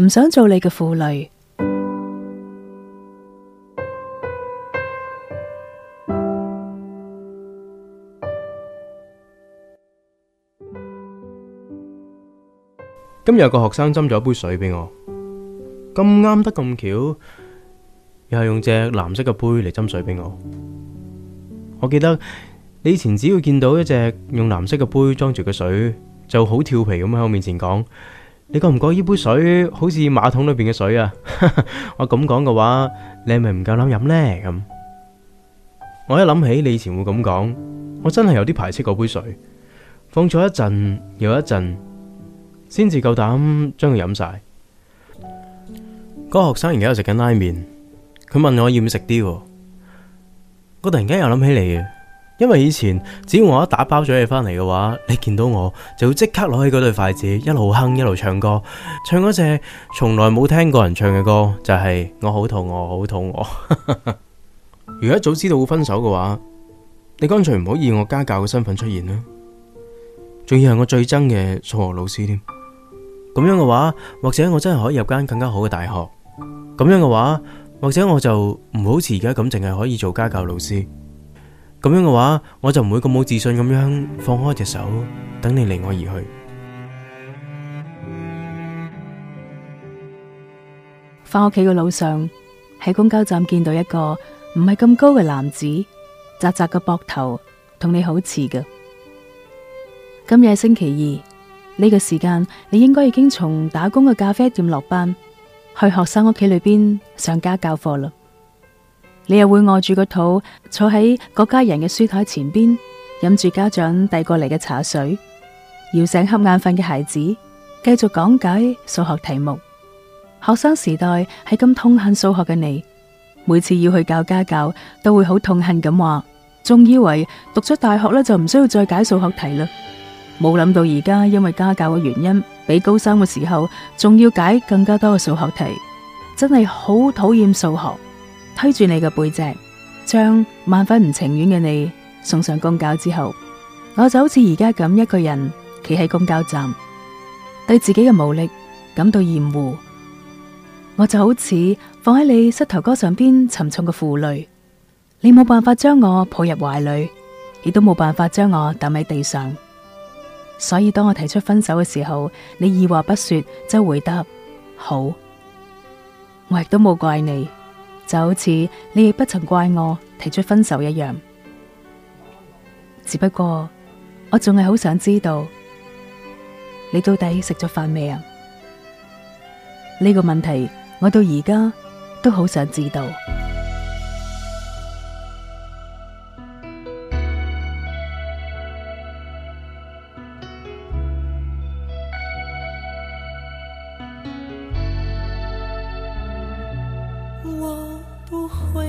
唔想做你嘅負累。今日有個學生斟咗杯水俾我，咁啱得咁巧，又係用隻藍色嘅杯嚟斟水俾我。我記得你以前只要見到一隻用藍色嘅杯裝住嘅水，就好調皮咁喺我面前講。你覺唔覺呢杯水好似馬桶裏邊嘅水啊？ 我咁講嘅話，你係咪唔夠膽飲呢？咁。我一諗起你以前會咁講，我真係有啲排斥嗰杯水，放咗一陣又一陣，先至夠膽將佢飲曬。嗰、 個學生而家又食緊拉麵，佢問我要唔要食啲？我突然間又諗起你。因為以前只要我一打包咗嘢翻嚟嘅話，你見到我就會即刻攞起嗰對筷子，一路哼一路唱歌，唱嗰隻從來冇聽過人唱嘅歌，就係我好肚餓，好肚餓。 如果早知道會分手嘅話，你乾脆唔好以我家教嘅身份出現啦，仲要係我最憎嘅數學老師添。咁樣嘅話，或者我真係可以入間更加好嘅大學。咁樣嘅話，或者我就唔好似而家咁淨係可以做家教老師。咁樣嘅話，我就唔會咁冇自信咁樣放開隻手，等你離我而去。翻屋企嘅路上，喺公交站見到一個唔係咁高嘅男子，窄窄嘅膊頭，同你好似嘅。今日係星期二，呢個時間你應該已經從打工嘅咖啡店落班，去學生屋企裏邊上家教課啦。你又會餓住個肚，坐喺嗰家人嘅書台前邊，飲住家長遞過嚟嘅茶水，搖醒瞌眼瞓嘅孩子，繼續講解數學題目。學生時代係咁痛恨數學嘅你，每次要去教家教，都會好痛恨咁話，仲以為讀咗大學咧就唔需要再解數學題啦，冇諗到而家因為家教嘅原因，比高三嘅時候仲要解更加多嘅數學題，真係好討厭數學。推住你嘅背脊，將萬分唔情願嘅你送上公交之後，我就好似而家咁一個人企喺公交站，對自己嘅無力感到厭惡。我就好似放喺你膝頭哥上邊沉重嘅負累，你冇辦法將我抱入懷裏，亦都冇辦法將我抌喺地上。所以當我提出分手嘅時候，你二話不說就回答好，我亦都冇怪你。就好似你亦不曾怪我提出分手一樣，只不過我仲係好想知道你到底食咗飯未啊？呢個問題，我到而家都好想知道。